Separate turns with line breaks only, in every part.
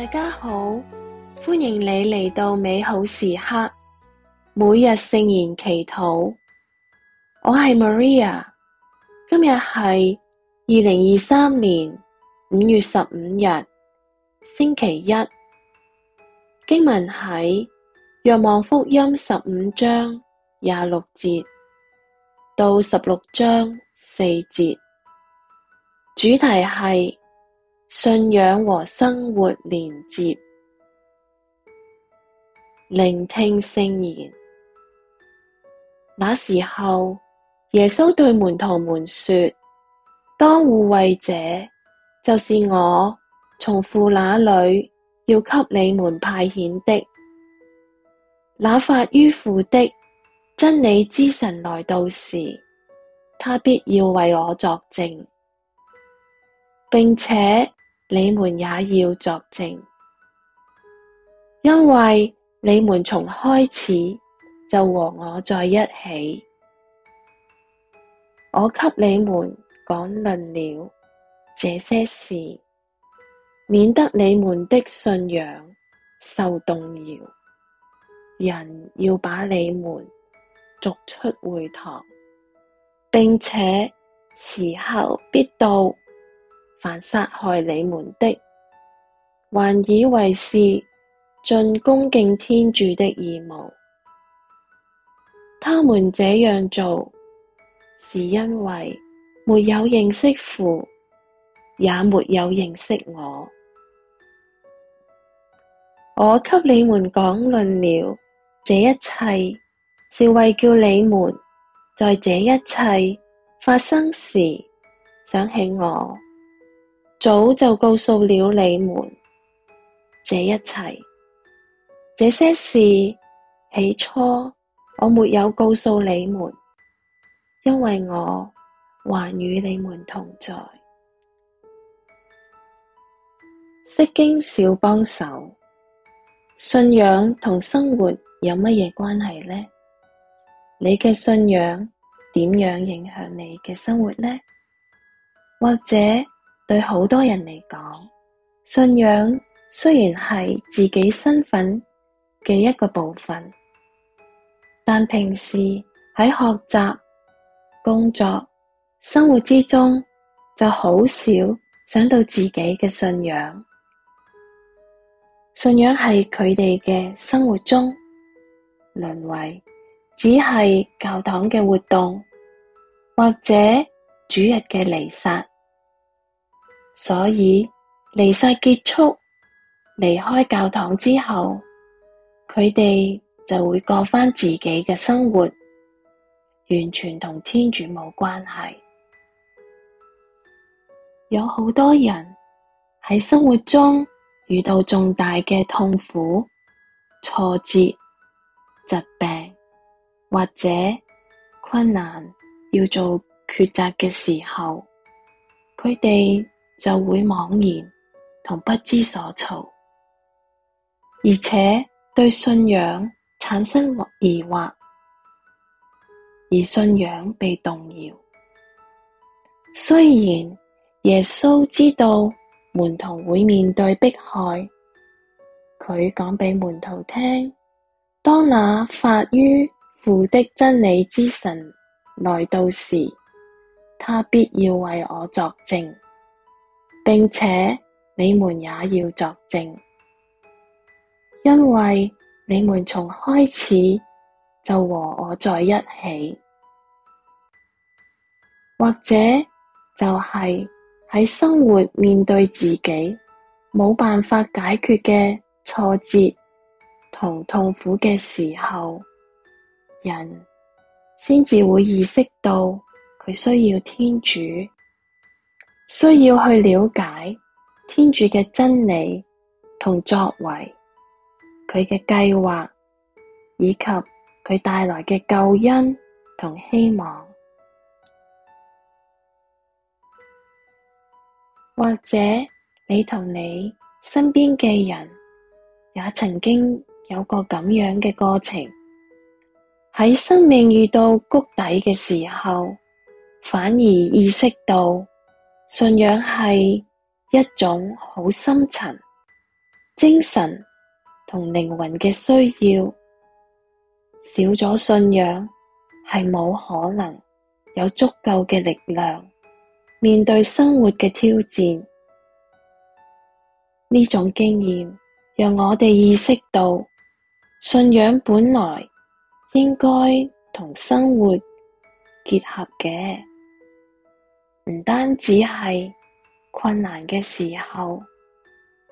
大家好，歡迎你嚟到美好時刻，每日聖言祈禱。我係 Maria，今日係二零二三年五月十五日，星期一。經文喺《若望福音》十五章廿六節到十六章四節，主題係。信仰和生活連接，聆聽聖言。那時候，耶穌對門徒們說：當護慰者，就是我從父那裡要給你們派遣的。那發於父的真理之神來到時，他必要為我作證，並且。你們也要作證，因為你們從開始就和我在一起。我給你們講論了這些事，免得你們的信仰受動搖。人要把你們逐出會堂，並且時候必到。凡殺害你們的，還以為是盡恭敬天主的義務。他們這樣做，是因為沒有認識父，也沒有認識我。我給你們講論了這一切，是為叫你們在這一切發生時想起我。早就告訴了你們這一切，這些事起初我沒有告訴你們，因為我還與你們同在。釋經小幫手，信仰同生活有乜嘢關係呢？你嘅信仰點樣影響你嘅生活呢？或者？對好多人嚟講，信仰雖然係自己身份嘅一個部分，但平時喺學習、工作、生活之中，就好少想到自己嘅信仰。信仰係佢哋嘅生活中淪為只係教堂嘅活動，或者主日嘅彌撒。所以彌撒結束，離開教堂之後，佢哋就會過返自己嘅生活，完全同天主冇關係。有好多人喺生活中遇到重大嘅痛苦、挫折、疾病或者困難，要做抉擇嘅時候，佢哋，就會茫然同不知所措，而且對信仰產生疑惑，而信仰被動搖。雖然耶穌知道門徒會面對迫害，佢講畀門徒聽：當那發於父的真理之神來到時，他必要為我作證，並且你們也要作證，因為你們從開始就和我在一起，或者就係喺生活面對自己冇辦法解決嘅挫折同痛苦嘅時候，人先至會意識到佢需要天主。需要去了解天主嘅真理同作為，佢嘅計劃以及佢帶來嘅救恩同希望，或者你同你身邊嘅人也曾經有過咁樣嘅過程，喺生命遇到谷底嘅時候，反而意識到。信仰係一種好深層、精神同靈魂嘅需要。少咗信仰，係冇可能有足夠嘅力量面對生活嘅挑戰。呢種經驗讓我哋意識到，信仰本來應該同生活結合嘅。唔單止係困難嘅時候，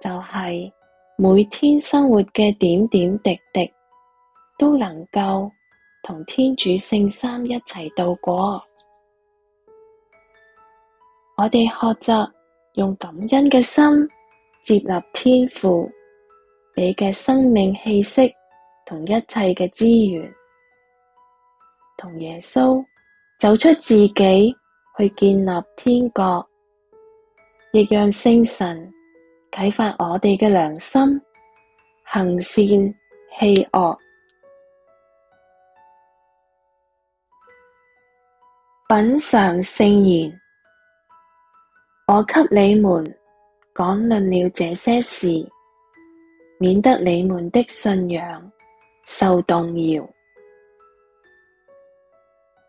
就係每天生活嘅點點滴滴都能夠同天主聖三一齊度過。我哋學習用感恩嘅心接納天父俾嘅生命氣息同一切嘅資源，同耶穌走出自己。去建立天國，亦讓聖神啓發我哋嘅良心，行善棄惡，品嚐聖言。我給你們講論了這些事，免得你們的信仰受動搖，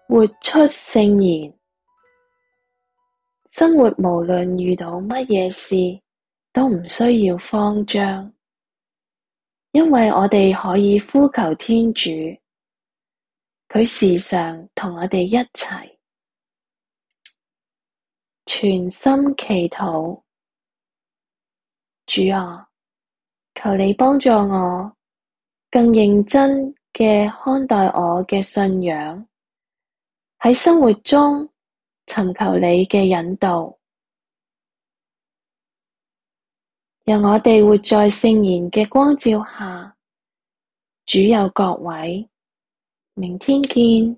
活出聖言。生活無論遇到乜嘢事，都唔需要慌張，因為我哋可以呼求天主，佢時常同我哋一齊，全心祈禱。主啊，求你幫助我，更認真嘅看待我嘅信仰喺生活中，尋求祢嘅引導，讓我哋活在聖言嘅光照下。主有各位，明天見。